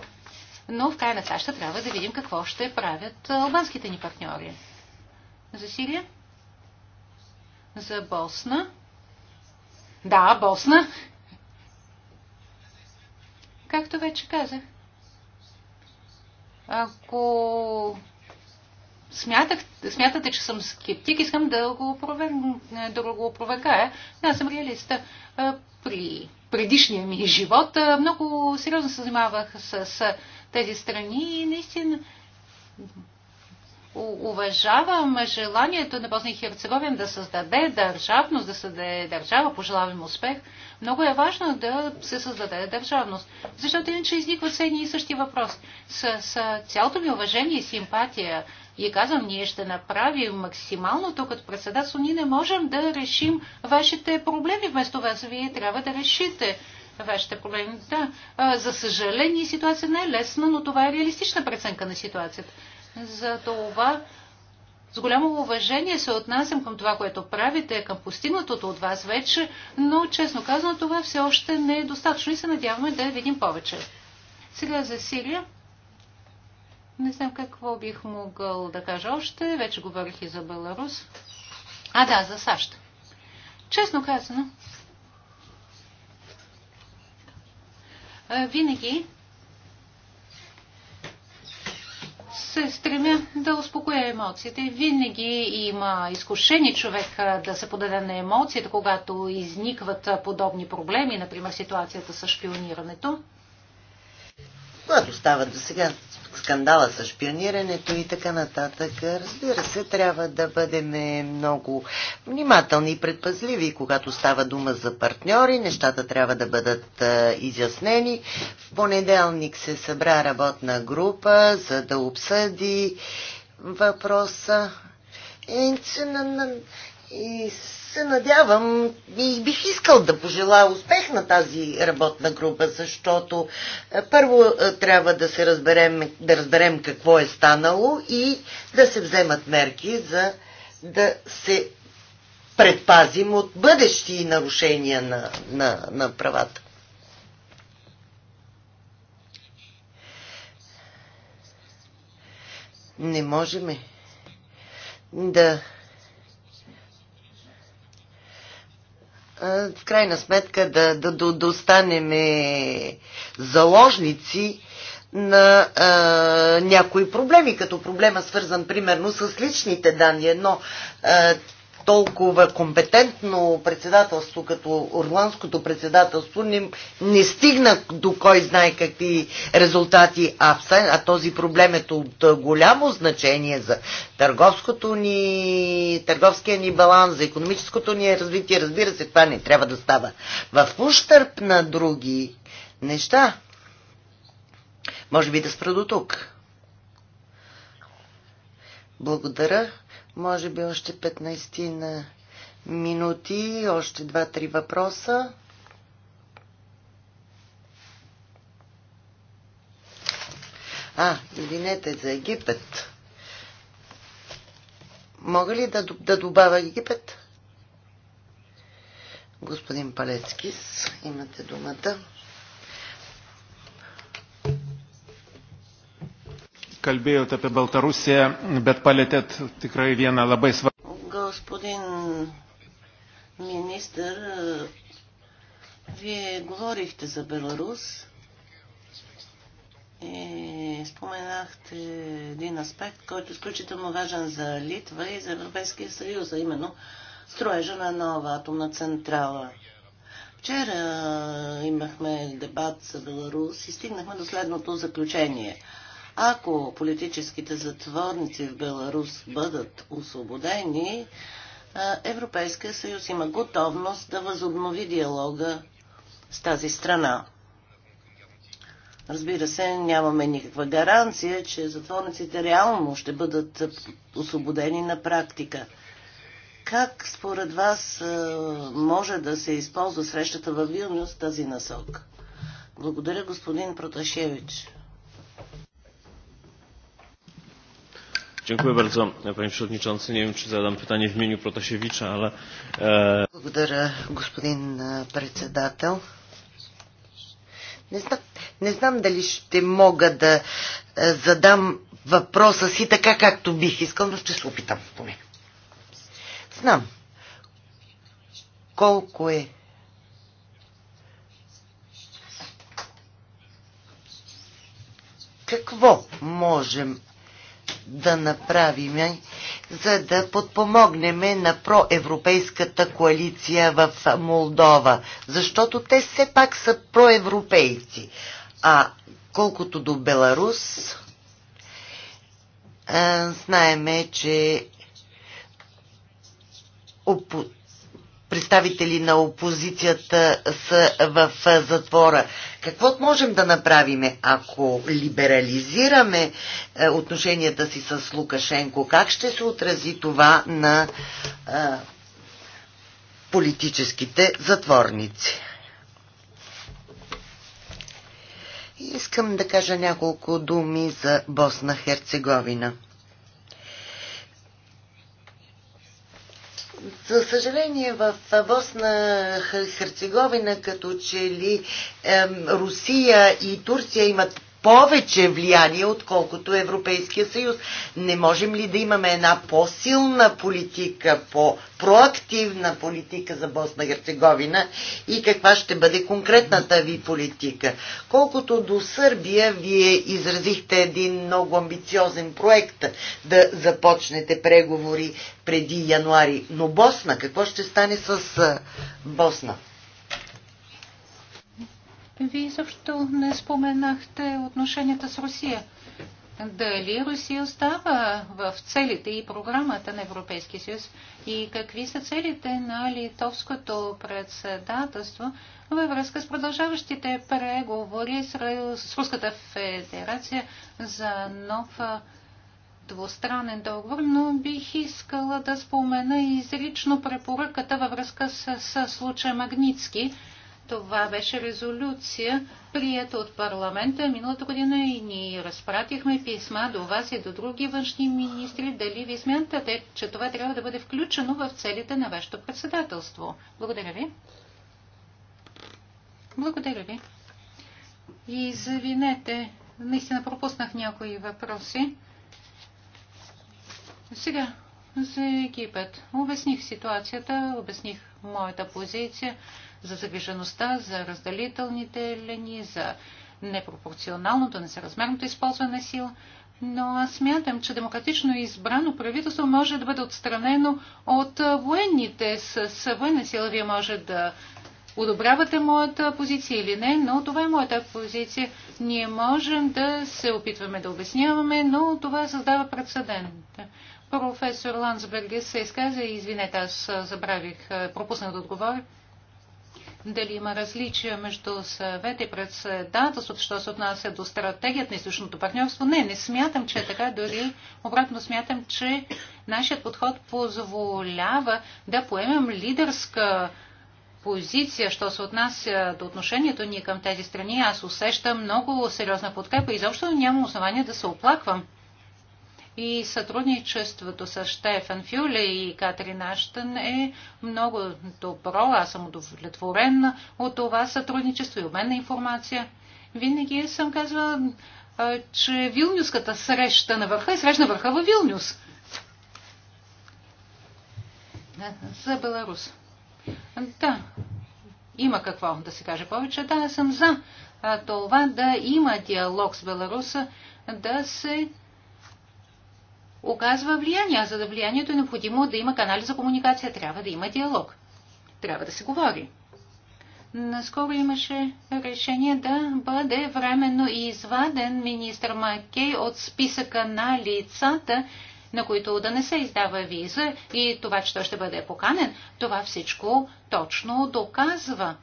но в край на трябва да видим какво ще правят албанските ни партньори. За Сирия? За Босна? Да, Босна. Както вече казах, ако смятах, смятате, че съм скептик, искам да го, опровен, да го опровергая. Аз съм реалист. При предишния ми живот много сериозно се занимавах с тези страни и наистина уважавам желанието на Босния и Херцеговина да създаде държавност, да създаде държава, пожелавам успех. Много е важно да се създаде държавност, защото иначе изниква все един и същи въпрос. С, с цялото ми уважение и симпатия и казвам, ние ще направим максимално тук като председателство, ние не можем да решим вашите проблеми. Вместо вас вие трябва да решите вашите проблеми. Да, за съжаление ситуация не е лесна, но това е реалистична преценка на ситуацията. За това с голямо уважение се отнасям към това, което правите, към постигнатото от вас вече, но честно казано това все още не е достатъчно и се надяваме да видим повече. Сега за Сирия. Не знам какво бих могъл да кажа още. Вече говорих и за Беларус. А да, за САЩ. Честно казано, винаги се стремя да успокоя емоциите. Винаги има изкушение човек да се подаде на емоциите, когато изникват подобни проблеми, например ситуацията с шпионирането. Когато става до сега скандала с шпионирането и така нататък, разбира се, трябва да бъдем много внимателни и предпазливи, когато става дума за партньори. Нещата трябва да бъдат изяснени. В понеделник се събра работна група, за да обсъди въпроса. И, и се надявам и бих искал да пожелая успех на тази работна група, защото е, първо е, трябва да се разберем, да разберем какво е станало и да се вземат мерки за да се предпазим от бъдещи нарушения на, на, на правата. Не можеме да в крайна сметка да, да, да, да останем е, заложници на а, някои проблеми, като проблема свързан примерно с личните данни. Едно а, толкова компетентно председателство, като Орландското председателство, не, не стигна до кой знае какви резултати, а, а този проблем е от голямо значение за търговското ни, търговския ни баланс, за економическото ни развитие. Разбира се, това не трябва да става в ущърп на други неща. Може би да спра до тук. Благодаря. Може би още 15 на минути, още 2-3 въпроса. А, извинете, за Египет. Мога ли да, да добавя Египет? Господин Палецкис, имате думата. kalbėjot apie Baltarusiją, bet palėtėt tikrai vieną labai svarbą. Господин министр, вие говорихте за Беларус и споменахте един аспект, който е изключително важен за Литва и за Европейския съюз, а именно строежа на нова атомна централа. Вчера имахме дебат за Беларус и стигнахме до следното заключение – ако политическите затворници в Беларус бъдат освободени, Европейския съюз има готовност да възобнови диалога с тази страна. Разбира се, нямаме никаква гаранция, че затворниците реално ще бъдат освободени на практика. Как според вас може да се използва срещата във Вилнюс тази насок? Благодаря, господин Проташевич. Dziękuję bardzo, panie przewodniczący. Nie wiem, czy zadam pytanie w imieniu Protasiewicza, ale... E, Благодаря, господин е, председател. Не знам, не знам дали ще мога да е, задам въпроса си така, както бих искал, но ще се опитам поне. Знам колко е какво можем да направим, за да подпомогнем на проевропейската коалиция в Молдова, защото те все пак са проевропейци. А колкото до Беларус, знаеме, че представители на опозицията са в затвора. Какво можем да направим, ако либерализираме е, отношенията си с Лукашенко? Как ще се отрази това на политическите затворници? Искам да кажа няколко думи за Босна Херцеговина – За съжаление, в Босна Херцеговина, като че ли Русия и Турция имат повече влияние, отколкото Европейския съюз. Не можем ли да имаме една по-силна политика, по-проактивна политика за Босна Герцеговина и каква ще бъде конкретната ви политика? Колкото до Сърбия, вие изразихте един много амбициозен проект да започнете преговори преди януари. Но Босна, какво ще стане с Босна? Вие също не споменахте отношенията с Русия. Дали Русия остава в целите и програмата на Европейския съюз и какви са целите на литовското председателство във връзка с продължаващите преговори с Руската федерация за нов двустранен договор, но бих искала да спомена изрично препоръката във връзка с, с случая Магницки – това беше резолюция, прията от парламента миналата година и ние разпратихме писма до вас и до други външни министри. Дали ви смятате, че това трябва да бъде включено в целите на вашето председателство? Благодаря ви. Благодаря ви. И извинете, наистина пропуснах някои въпроси. Сега за Египет. Обясних ситуацията, обясних моята позиция за загрижеността, за разделителните линии, за непропорционалното, несъразмерното използване на сила. Но аз смятам, че демократично избрано правителство може да бъде отстранено от военните с, с военна сила. Вие може да одобрявате моята позиция или не, но това е моята позиция. Ние можем да се опитваме да обясняваме, но това създава прецедент. Професор Ландсберг се изказа и извинете, аз забравих, пропуснах да отговоря дали има различия между съвет и председателството, що се отнася до стратегията на източното партньорство. Не, не смятам, че е така. Дори обратно смятам, че нашият подход позволява да поемем лидерска позиция, що се отнася до отношението ни към тези страни. Аз усещам много сериозна подкрепа и изобщо нямам основания да се оплаквам и сътрудничеството с Штефан Фюле и Катрин Аштън е много добро. Аз съм удовлетворен от това сътрудничество и обмен на информация. Винаги съм казвала, че Вилнюската среща на върха е среща на върха във Вилнюс. За Беларус. Да, има какво да се каже повече. Да, аз съм за това да има диалог с Беларуса, да се оказва влияние, а за да влиянието е необходимо да има канали за комуникация, трябва да има диалог. Трябва да се говори. Наскоро имаше решение да бъде временно и изваден министр Макей от списъка на лицата, на които да не се издава виза и това, че той ще бъде поканен, това всичко точно доказва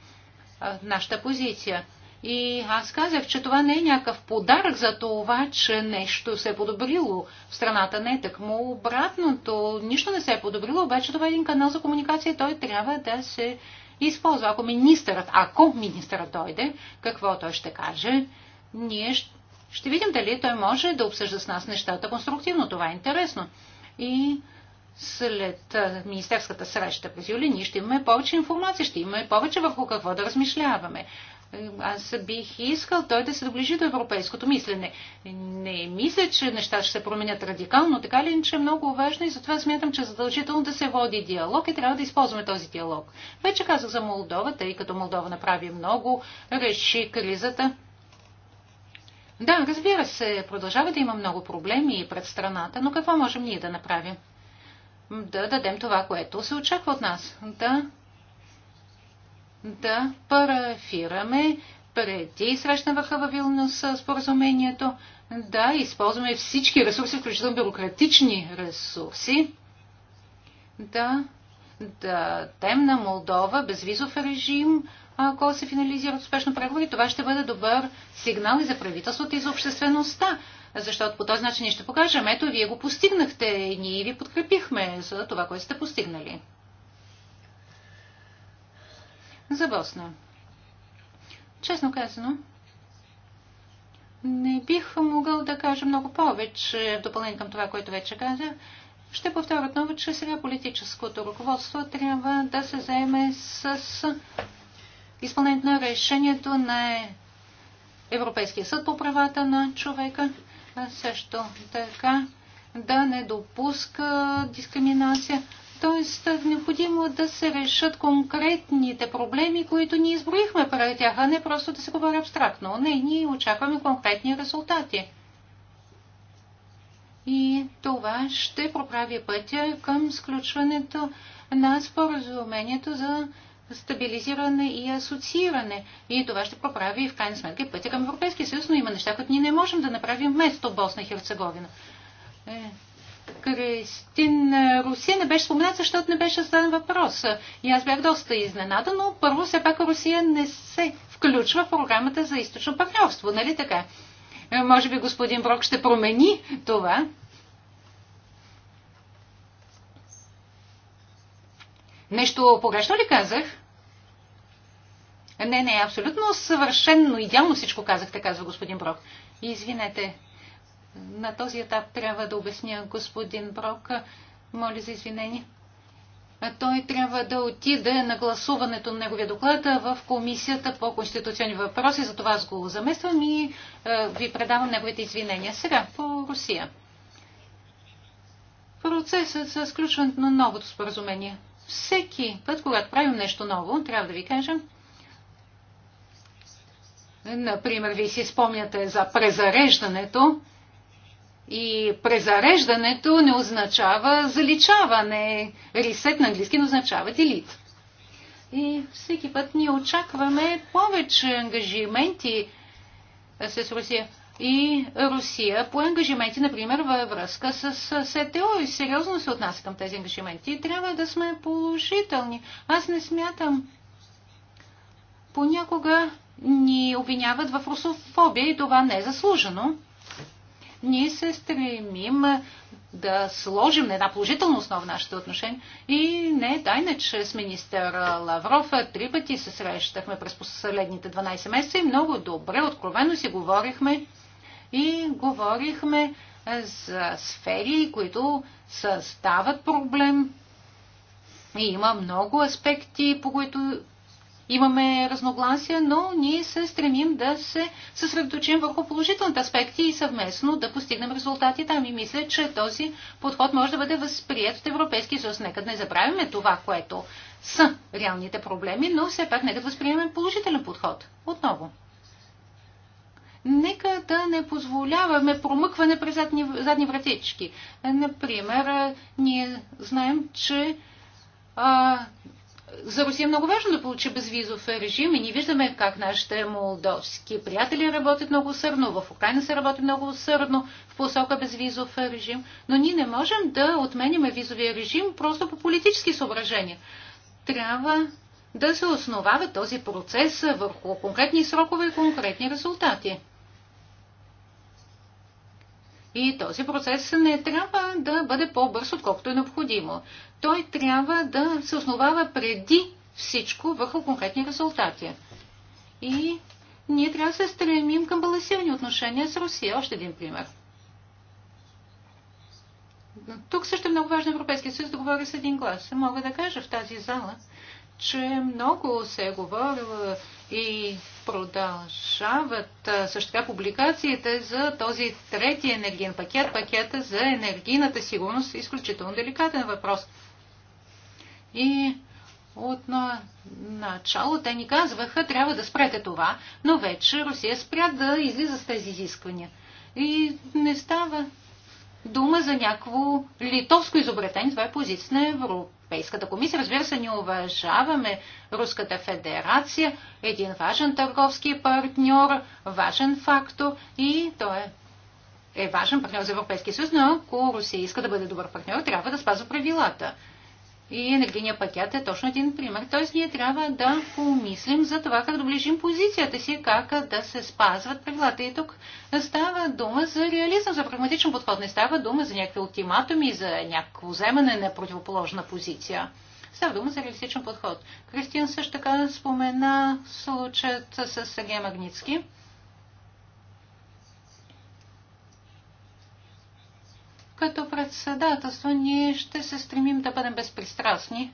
нашата позиция. И аз казах, че това не е някакъв подарък за това, че нещо се е подобрило в страната. Не е такмо обратното. Нищо не се е подобрило, обаче това е един канал за комуникация. Той трябва да се използва. Ако министърът, ако министърът дойде, какво той ще каже, ние ще видим дали той може да обсъжда с нас нещата конструктивно. Това е интересно. И след министерската среща през юли ние ще имаме повече информация, ще имаме повече върху какво да размишляваме аз бих искал той да се доближи до европейското мислене. Не мисля, че неща ще се променят радикално, така ли иначе е много важно и затова смятам, че е задължително да се води диалог и трябва да използваме този диалог. Вече казах за Молдова, тъй като Молдова направи много, реши кризата. Да, разбира се, продължава да има много проблеми и пред страната, но какво можем ние да направим? Да дадем това, което се очаква от нас. Да да парафираме преди срещна върха във Вилнюс споразумението, да използваме всички ресурси, включително бюрократични ресурси, да дадем на Молдова безвизов режим, ако се финализират успешно преговори, това ще бъде добър сигнал и за правителството и за обществеността. Защото по този начин ние ще покажем, ето, вие го постигнахте, ние ви подкрепихме за това, което сте постигнали. За Босна. Честно казано, не бих могъл да кажа много повече в допълнение към това, което вече казах. Ще повторя отново, че сега политическото руководство трябва да се заеме с изпълнението на решението на Европейския съд по правата на човека, също така да не допуска дискриминация, Тоест, необходимо е да се решат конкретните проблеми, които ние изброихме пред тях, а не просто да се говори абстрактно. Не, ние очакваме конкретни резултати. И това ще проправи пътя към сключването на споразумението за стабилизиране и асоцииране. И това ще поправи в крайна сметка пътя към Европейския съюз, но има неща, които ние не можем да направим вместо Босна и Херцеговина. Е, Кристин е, Русия не беше спомената, защото не беше зададен въпрос. И аз бях доста изненада, но първо все пак Русия не се включва в програмата за източно партньорство, нали така? Е, може би господин Брок ще промени това. Нещо погрешно ли казах? Не, не, абсолютно съвършенно идеално всичко казахте, казва господин Брок. Извинете, на този етап трябва да обясня господин Брок. Моля за извинение. Той трябва да отиде на гласуването на неговия доклад в Комисията по конституционни въпроси. това аз го замествам и е, ви предавам неговите извинения. Сега по Русия. Процесът с включването на новото споразумение. Всеки път, когато правим нещо ново, трябва да ви кажа, Например, вие си спомняте за презареждането. И презареждането не означава заличаване. Ресет на английски не означава делит. И всеки път ние очакваме повече ангажименти с Русия. И Русия по ангажименти, например, във връзка с СТО и сериозно се отнася към тези ангажименти. И трябва да сме положителни. Аз не смятам. Понякога ни обвиняват в русофобия и това не е заслужено ние се стремим да сложим на една положителна основа в нашите отношения. И не е тайна, че с министър Лавров три пъти се срещахме през последните 12 месеца и много добре, откровено си говорихме и говорихме за сфери, които създават проблем. И има много аспекти, по които имаме разногласия, но ние се стремим да се съсредоточим върху положителните аспекти и съвместно да постигнем резултати там. И мисля, че този подход може да бъде възприят от Европейския съюз. Нека да не забравяме това, което са реалните проблеми, но все пак нека да възприемем положителен подход. Отново. Нека да не позволяваме промъкване през задни, задни вратички. Например, ние знаем, че а, за Русия е много важно да получи безвизов режим и ние виждаме как нашите молдовски приятели работят много усърдно, в Украина се работи много усърдно в посока безвизов режим, но ние не можем да отменяме визовия режим просто по политически съображения. Трябва да се основава този процес върху конкретни срокове и конкретни резултати. И този процес не трябва да бъде по-бърз, отколкото е необходимо той трябва да се основава преди всичко върху конкретни резултати. И ние трябва да се стремим към балансирани отношения с Русия. Още един пример. Тук също е много важно Европейския съюз да говори с един глас. Мога да кажа в тази зала, че много се е говорило и продължават също така публикациите за този трети енергиен пакет, пакета за енергийната сигурност, изключително деликатен въпрос. И от начало те ни казваха, трябва да спрете това, но вече Русия спря да излиза с тези изисквания. И не става дума за някакво литовско изобретение, това е позиция на Европа Европейската комисия. Разбира се, ние уважаваме Руската федерация, един важен търговски партньор, важен фактор и той е е важен партньор за Европейския съюз, но ако Русия иска да бъде добър партньор, трябва да спазва правилата и енергийния пакет е точно един пример. Тоест ние трябва да помислим за това как доближим позицията си, как да се спазват правилата. И тук става дума за реализъм, за прагматичен подход. Не става дума за някакви ултиматуми, за някакво вземане на противоположна позиция. Става дума за реалистичен подход. Кристин също така спомена случаят с Сергей Магницки. Като председателство ние ще се стремим да бъдем безпристрастни.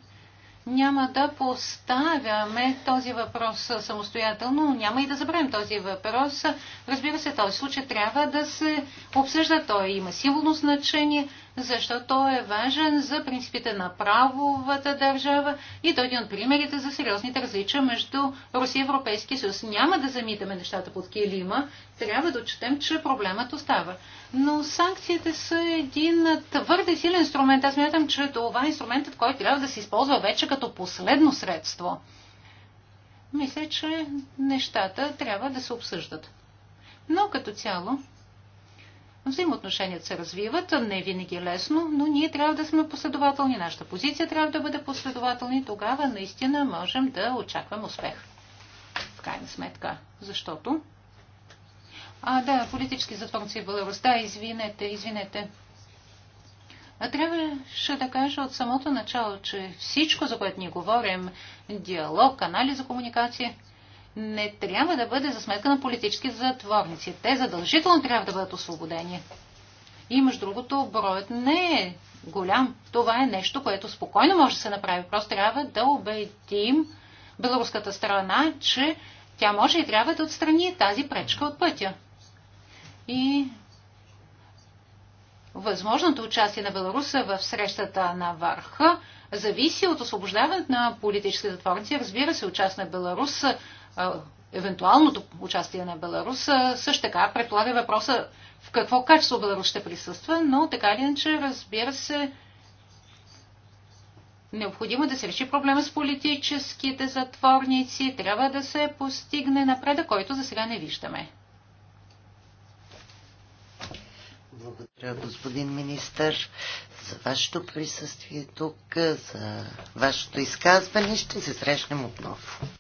Няма да поставяме този въпрос самостоятелно, няма и да забравим този въпрос. Разбира се, този случай трябва да се обсъжда, той има силно значение, защото той е важен за принципите на правовата държава и той е един от примерите за сериозните различия между Русия и Европейския съюз. Няма да замитаме нещата под килима, трябва да отчетем, че проблемът остава. Но санкциите са един твърде силен инструмент. Аз мятам, че това е инструментът, който трябва да се използва вече като последно средство. Мисля, че нещата трябва да се обсъждат. Но като цяло, Взаимоотношенията се развиват, не винаги е лесно, но ние трябва да сме последователни, нашата позиция трябва да бъде последователна и тогава наистина можем да очакваме успех. В крайна сметка. Защото? А, да, политически затворници в Беларус. Да, извинете, извинете. А трябваше да кажа от самото начало, че всичко, за което ни говорим, диалог, анализ за комуникация – не трябва да бъде за сметка на политически затворници. Те задължително трябва да бъдат освободени. И между другото, броят не е голям. Това е нещо, което спокойно може да се направи. Просто трябва да убедим беларуската страна, че тя може и трябва да отстрани тази пречка от пътя. И възможното участие на Беларуса в срещата на върха зависи от освобождаването на политически затворници. Разбира се, участ на Беларус евентуалното участие на Беларус, също така предполага въпроса в какво качество Беларус ще присъства, но така или иначе, разбира се, необходимо е да се реши проблема с политическите затворници, трябва да се постигне напреда, който за сега не виждаме. Благодаря, господин министър, за вашето присъствие тук, за вашето изказване. Ще се срещнем отново.